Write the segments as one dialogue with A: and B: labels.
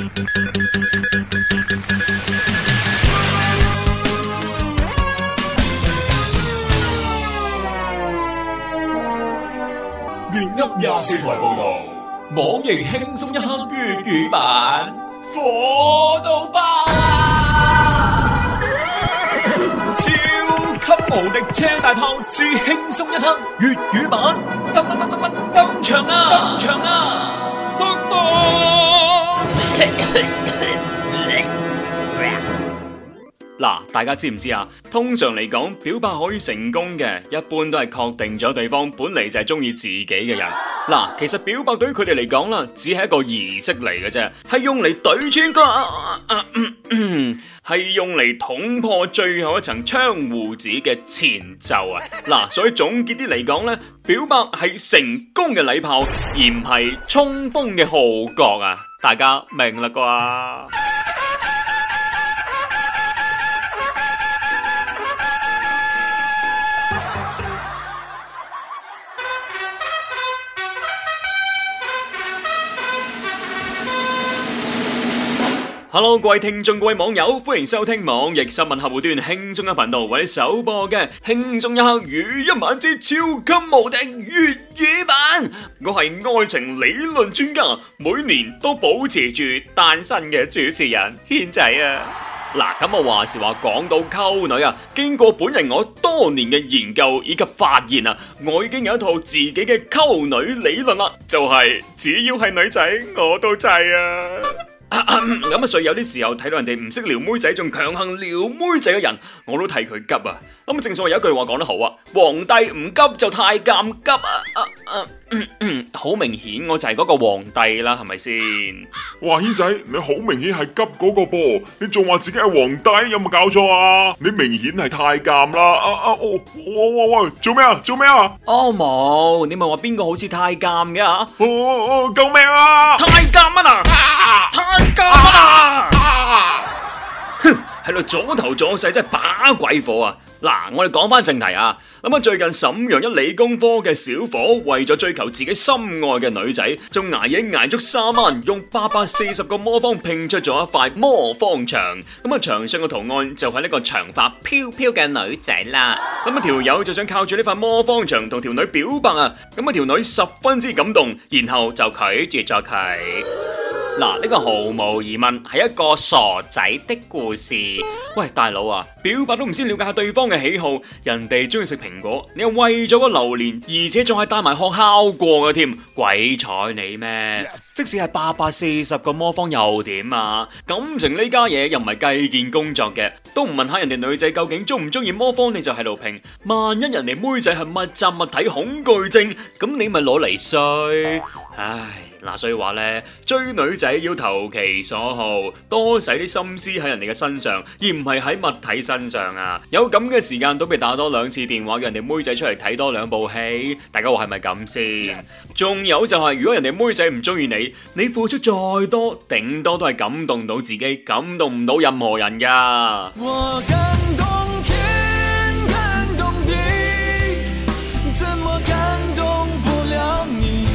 A: 粵音廿四台報道，網易輕鬆一刻粵語版，
B: 火到爆！
A: 超級無敵車大炮之輕鬆一刻粵語版，
B: 登登登登登登場啊！登場啊,啊！登登！
A: 嗱， 大家知唔知啊？通常嚟講，表白可以成功嘅，一般都係確定咗對方本嚟就係中意自己嘅人。嗱，其實表白對於佢哋嚟講啦，只係一個儀式嚟嘅啫，係用嚟懟穿佢，係、啊啊嗯嗯、用嚟捅破最後一層窗戶紙嘅前奏啊！嗱，所以總結啲嚟講呢，表白係成功嘅禮炮，而唔係衝鋒嘅號角啊！大家明啦啩。Hello，各位聽眾，各位網友，歡迎收聽網易新聞客戶端輕鬆一頻道為你首播嘅《輕鬆一刻》語音版之超級無敵粵語版。我係愛情理論專家，每年都保持住單身嘅主持人軒仔啊。嗱、 啊，咁啊話時話講到溝女啊，經過本人我多年嘅研究以及發現啊，我已經有一套自己嘅溝女理論啦，就係、是、只要係女仔，我都制啊。咁啊，所以有啲時候睇到人哋唔識撩妹仔，仲強行撩妹仔嘅人，我都替佢急啊！咁啊，正所謂有一句話講得好啊，皇帝唔急就太監急啊啊啊！好明顯我就係嗰個皇帝啦，係咪先？哇軒仔，你好明顯係急嗰個噃，你仲話自己係皇帝，有冇搞錯啊？你明顯係太監啦！啊啊哦！我喂，喂，做咩啊？做咩啊？哦，冇，你咪話邊個好似太監㗎？哦哦，救命啊！太監啊！左頭左勢真係把鬼火啊！嗱，我哋講翻正題啊，咁啊，最近瀋陽一理工科嘅小伙為咗追求自己心愛嘅女仔，仲捱夜捱足三晚，用八百四十個魔方拼出咗一塊魔方牆。咁、嗯、啊，牆上嘅圖案就係呢個長髮飄飄嘅女仔啦。咁啊、嗯，條友就想靠住呢塊魔方牆同條女表白啊。咁、嗯、啊，條女十分之感動，然後就拒絕咗佢。嗱，呢個毫無疑問係一個傻仔的故事。喂，大佬啊，表白都唔先了解下對方嘅喜好，人哋中意食蘋果，你又喂咗個榴蓮，而且仲係帶埋殼烤過嘅添，鬼睬你咩？Yes. 即使係八百四十個魔方又點啊？感情呢家嘢又唔係計件工作嘅，都唔問下人哋女仔究竟中唔中意魔方，你就喺度拼。萬一人哋妹仔係密集物體恐懼症，咁你咪攞嚟衰。唉，嗱，所以話呢，追女仔要投其所好，多使啲心思喺人哋嘅身上，而唔係喺物體身上啊。有咁嘅時間都被打多兩次電話，叫人哋妹仔出嚟睇多兩部戲，大家話係咪咁先？仲 Yes. 有就係、是、如果人哋妹仔唔中意你。你付出再多，頂多都係感動到自己，感動唔到任何人噶。
B: 我感動天，感動地，怎麼感動不了你？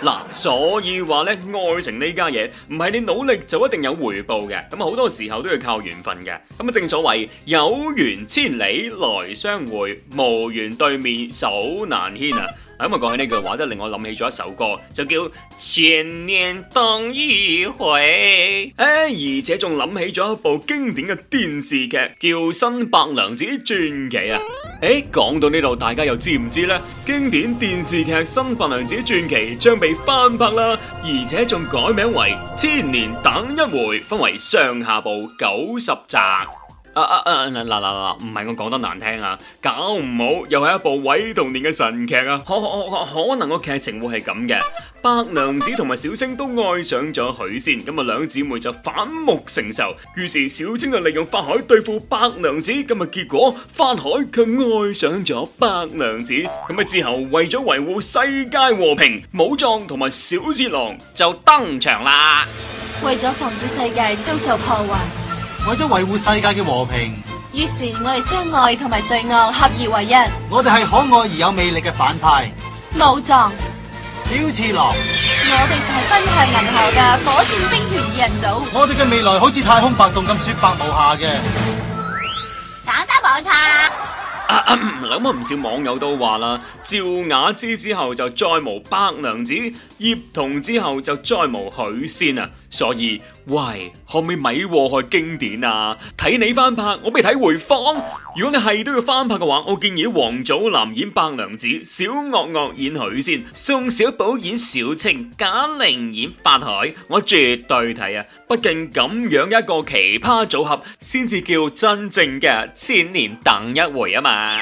A: 嗱，所以話咧，愛情呢家嘢唔係你努力就一定有回報嘅，咁啊好多時候都要靠緣分嘅。咁啊正所謂有緣千里來相會，無緣對面手難牽啊！咁我講起呢句話，都令我諗起咗一首歌，就叫《千年等一回》。誒、啊，而且仲諗起咗一部經典嘅電視劇，叫《新白娘子傳奇》啊。誒、欸，講到呢度，大家又知唔知呢？經典電視劇《新白娘子傳奇》將被翻拍啦，而且仲改名為《千年等一回》，分為上下部九十集。啊啊啊嗱嗱嗱嗱！唔係我講得難聽啊，搞唔好又係一部毀童年嘅神劇啊！可可能個劇情會係咁嘅，白娘子同埋小青都愛上咗許仙，咁啊兩姊妹就反目成仇。於是小青就利用法海對付白娘子，咁啊結果法海卻愛上咗白娘子。咁啊之後為咗維護世界和平，武藏同埋小次郎就登場啦。為咗防止世界遭受破壞。為咗維護世界嘅和平，於是我哋將愛同埋罪惡合二為一。我哋係可愛而有魅力嘅反派。武藏。小次郎。我哋就係奔向銀河嘅火箭兵團二人組。我哋嘅未來好似太空白洞咁雪白無瑕嘅。講得冇錯。咁啊，唔少網友都話啦，趙雅芝之後就再無白娘子，葉童之後就再無許仙啊。所以，喂，可唔可以咪禍害經典啊？睇你翻拍，我未睇回放。如果你係都要翻拍嘅話，我建議王祖藍演白娘子，小岳岳演許仙，宋小寶演小青，賈玲演法海。我絕對睇啊！畢竟咁樣一個奇葩組合，先至叫真正嘅千年等一回啊嘛！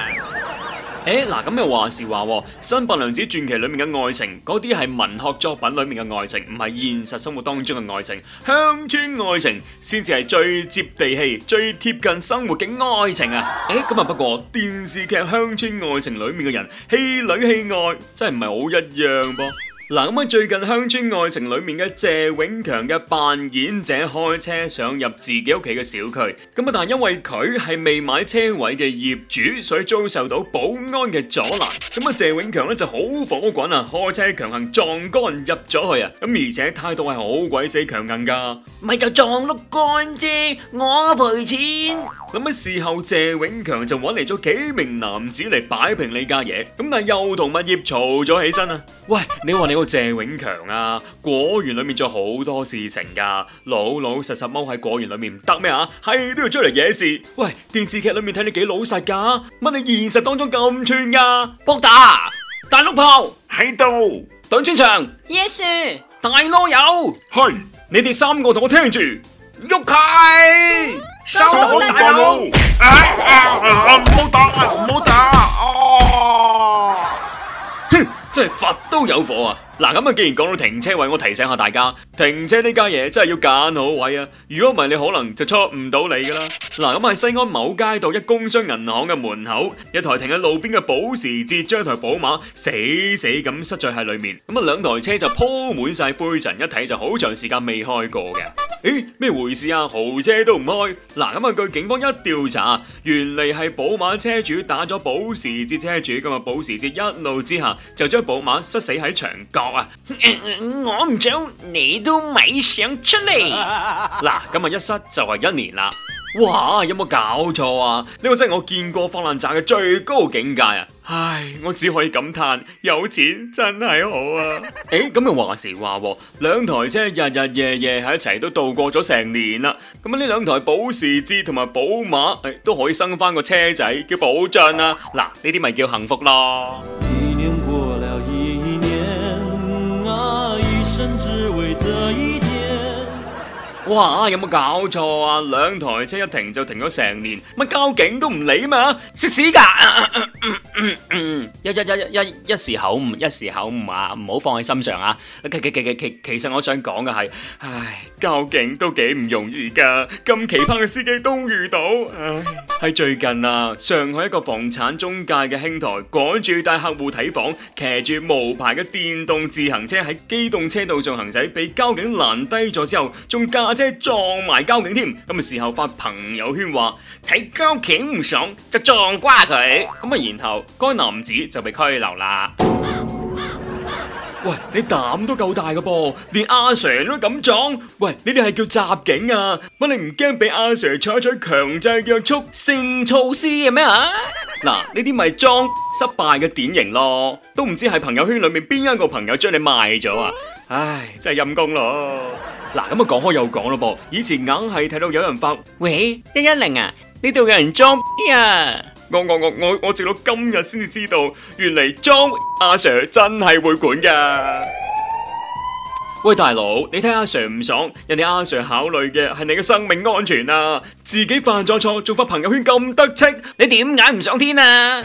A: 誒，嗱咁又話時話，《新白娘子傳奇》裏面嘅愛情，嗰啲係文學作品裏面嘅愛情，唔係現實生活當中嘅愛情。鄉村愛情先至係最接地氣、最貼近生活嘅愛情啊！誒、欸，咁啊，不過電視劇鄉村愛情裏面嘅人，戲裏戲外真係唔係好一樣噃、啊。嗱，咁啊，最近《鄉村愛情》裏面嘅謝永強嘅扮演者開車想入自己屋企嘅小區，咁啊，但係因為佢係未買車位嘅業主，所以遭受到保安嘅阻攔。咁啊，謝永強咧就好火滾啊，開車強行撞桿入咗去啊，咁而且態度係好鬼死強硬噶，咪就撞碌干啫，我賠錢。咁啊，事後謝永強就揾嚟咗幾名男子嚟擺平呢家嘢，咁但係又同物業嘈咗起身啊，喂，你話你。個謝永強啊，果園裏面做好多事情噶，老老實實踎喺果園裏面唔得咩啊，係都要出嚟惹事。喂，電視劇裏面睇你幾老實噶，乜你現實當中咁串噶？博大大陸炮喺度，等專場，yes sir，大囉柚，係你哋三個同我聽住，喐佢，收好大佬，唔好打唔好打，哼，真係佛都有火啊！嗱，咁啊，既然講到停車位，我提醒下大家，停車呢家嘢真係要揀好位啊！如果唔係，你可能就出唔到你噶啦。嗱，咁喺西安某街道一工商銀行嘅門口，一台停喺路邊嘅保時捷，將台寶馬死死咁塞咗喺裏面。咁啊，兩台車就鋪滿晒灰塵，一睇就好長時間未開過嘅。誒，咩回事啊？豪車都唔開。嗱，咁啊，據警方一調查，原嚟係寶馬車主打咗保時捷車主，咁啊，保時捷一怒之下就將寶馬塞死喺牆角。嗯、我唔做，你都咪想出嚟。嗱、啊，今日一失就係一年啦。哇，有冇搞錯啊？呢、這個真係我見過發爛渣嘅最高境界啊！唉，我只可以感嘆有錢真係好啊。誒、 欸，咁又話時話，兩台車日日夜夜喺一齊都度過咗成年啦。咁呢兩台保時捷同埋寶馬、欸，都可以生翻個車仔叫保障啦。嗱、啊，呢啲咪叫幸福咯。只為這一天。哇！有冇搞錯啊？兩台車一停就停咗成年，乜交警都唔理嘛？食屎噶！一、一、一、一、一一時口誤，一時口誤啊！唔好放喺心上啊！其、其、其、其、其，其實我想講嘅係，唉，交警都幾唔容易噶，咁奇葩嘅司機都遇到。唉，喺最近啊，上海一個房產中介嘅兄台，趕住帶客戶睇房，騎住無牌嘅電動自行車喺機動車道上行駛，被交警攔低咗之後，仲加。即係撞埋交警添，咁啊事後發朋友圈話睇交警唔爽就撞瓜佢，咁啊然後該男子就被拘留啦。 喂，你膽都夠大噶噃，連阿 Sir 都敢撞？喂，你哋係叫襲警啊？乜你唔驚俾阿 Sir 採取強制約束性措施嘅咩啊？嗱，呢啲咪撞失敗嘅典型咯，都唔知係朋友圈裏面邊一個朋友將你賣咗啊？唉，真係陰功咯！嗱， 咁啊講開又講咯噃，以前硬係睇到有人發，喂，一一零啊，呢度 110? 有人裝逼啊！我我我我我直到今日先至知道，原嚟裝 阿 Sir 真係會管噶。 喂，大佬，你睇阿 Sir 唔爽，人哋阿 Sir 考慮嘅係你嘅生命安全啊，自己犯咗錯，仲發朋友圈咁得戚， 你點解唔上天啊？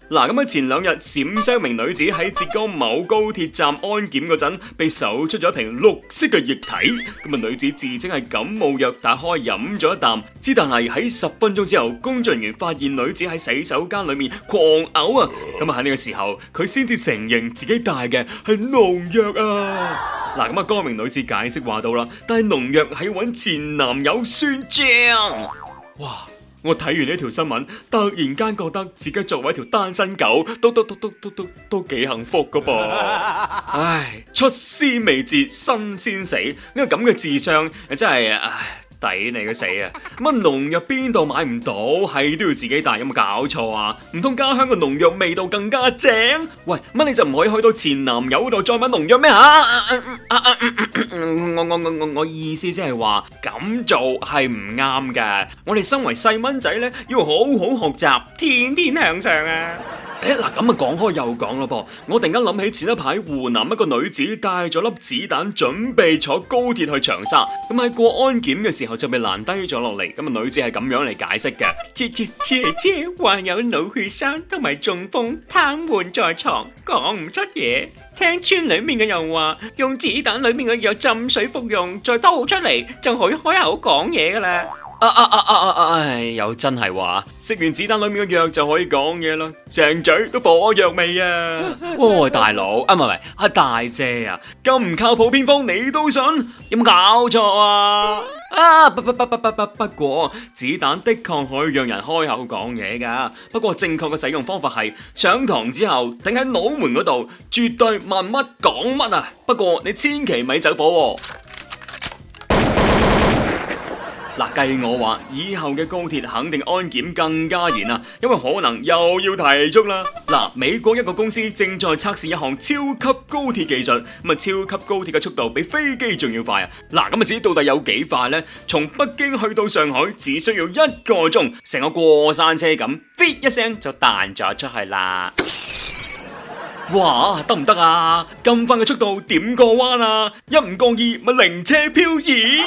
A: 嗱，咁啊，前兩日，陝西一名女子喺浙江某高鐵站安檢嗰陣，被搜出咗一瓶綠色嘅液體。咁啊，女子自稱係感冒藥，打開飲咗一啖，之但係喺十分鐘之後，工作人員發現女子喺洗手間裏面狂嘔啊！咁啊，喺呢個時候，佢先至承認自己帶嘅係農藥啊！嗱，咁啊，嗰名女子解釋話到啦，但係農藥係要揾前男友算賬。哇！我睇完呢條新聞，突然間覺得自己作為一條單身狗，都都都都都都都,都幾幸福噶噃！ 唉，出師未捷身先死，呢個咁嘅智商真係唉。抵你個死啊！乜農藥邊度買唔到，係都要自己帶，有冇搞錯啊？唔通家鄉嘅農藥味道更加正？喂，乜你就唔可以去到前男友度再買農藥咩吓？我我我我我，我，我，我意思即係話咁做係唔啱嘅。我哋身為細蚊仔咧，要好好學習，天天向上啊！誒，嗱咁啊，講開又講咯噃，我突然間諗起前一排湖南一個女子帶咗粒子彈準備坐高鐵去長沙，咁喺過安檢嘅時候就被攔低咗落嚟。咁啊，女子係咁樣嚟解釋嘅：姐姐姐姐，患有腦血栓同埋中風，癱瘓在床，講唔出嘢。聽村裏面嘅人話，用子彈裏面嘅藥浸水服用，再倒出嚟就可以開口講嘢㗎啦。啊啊啊啊啊！唉，又真係話食完子彈裏面嘅藥就可以講嘢啦，成嘴都火藥味啊！喂，大佬，唔係唔係，係大姐啊，咁唔靠譜偏方你都信，有冇搞錯啊？啊，不不不不不不，不，不，不過子彈的確可以讓人開口講嘢噶，不過正確嘅使用方法係上堂之後，頂喺腦門嗰度，絕對問乜講乜啊！不過你千祈咪走火喎，啊。嗱，計、啊、我話以後嘅高鐵肯定安檢更加嚴啊，因為可能又要提速啦。嗱、啊，美國一個公司正在測試一項超級高鐵技術，咁、嗯、啊，超級高鐵嘅速度比飛機仲要快啊。嗱，咁啊，至於到底有幾快呢？從北京去到上海只需要一個鐘，成個過山車咁，飛 一聲就彈咗出去啦。 哇，得唔得啊？咁快嘅速度點過彎啊？一唔覺意咪靈車漂移？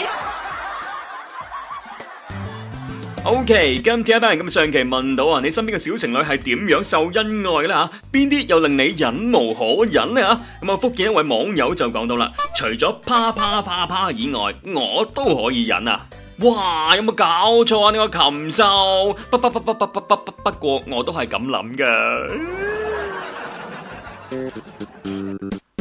A: O K，今期一班人咁，上期問到啊，你身邊嘅小情侶係點樣秀恩愛咧吓？邊啲又令你忍無可忍咧吓？咁啊，福建一位網友就講到啦，除咗啪啪啪啪以外，我都可以忍啊！哇，有冇搞錯啊？呢個禽獸！不不不不不不不不不過我都係咁諗噶。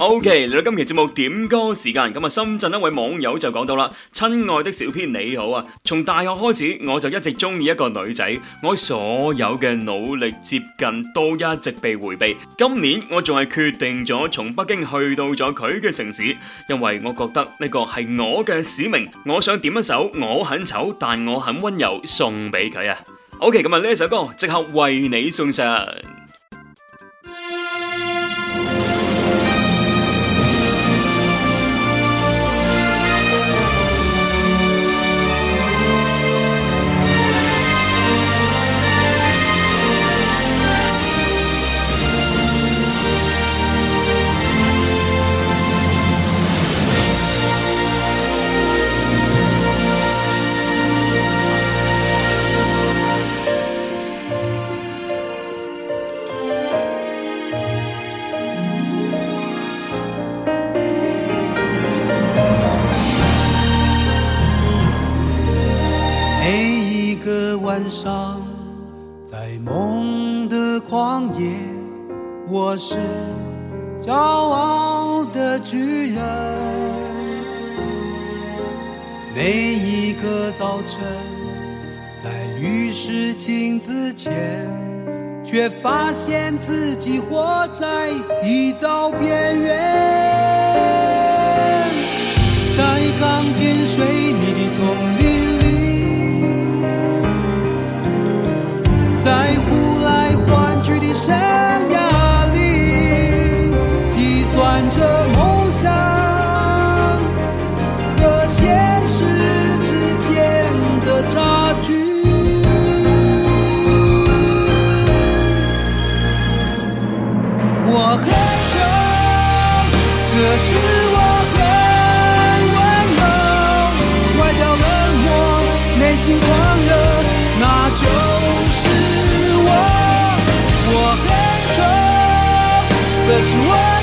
A: O K，嚟到今期節目點歌時間，咁啊，深圳一位網友就講到啦：親愛的小編你好啊，從大學開始我就一直中意一個女仔，我所有嘅努力接近都一直被回避。今年我仲係決定咗從北京去到咗佢嘅城市，因為我覺得呢個係我嘅使命，我想點一首《我很醜但我很溫柔》送俾佢啊。O K，咁啊呢首歌即刻為你送上。
B: 在浴室鏡子前，卻發現自己活在剃刀邊。心狂熱，那就是我。我很醜，可是我。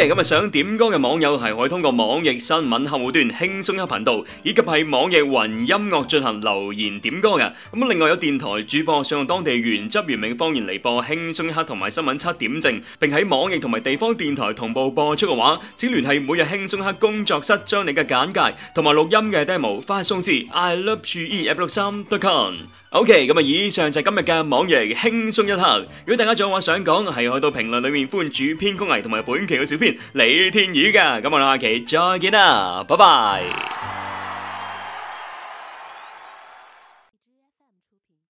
A: 咁啊想點歌嘅網友係可以通過網易新聞客戶端輕鬆一刻頻道，以及喺網易雲音樂進行留言點歌嘅。咁另外有電台主播想用當地原汁原味嘅方言嚟播輕鬆一刻同埋新聞七點正，並喺網易同埋地方電台同步播出嘅話，請聯繫每日輕鬆一刻工作室，將你嘅簡介同埋錄音嘅 demo 發送至 i love g e f 六三 dot com。OK，咁啊，以上就係今日嘅網易輕鬆一刻。如果大家仲有話想講，係去到評論裏面，歡迎主編曲藝同埋本期嘅小編李天宇噶。咁我哋下期再見啦，拜拜。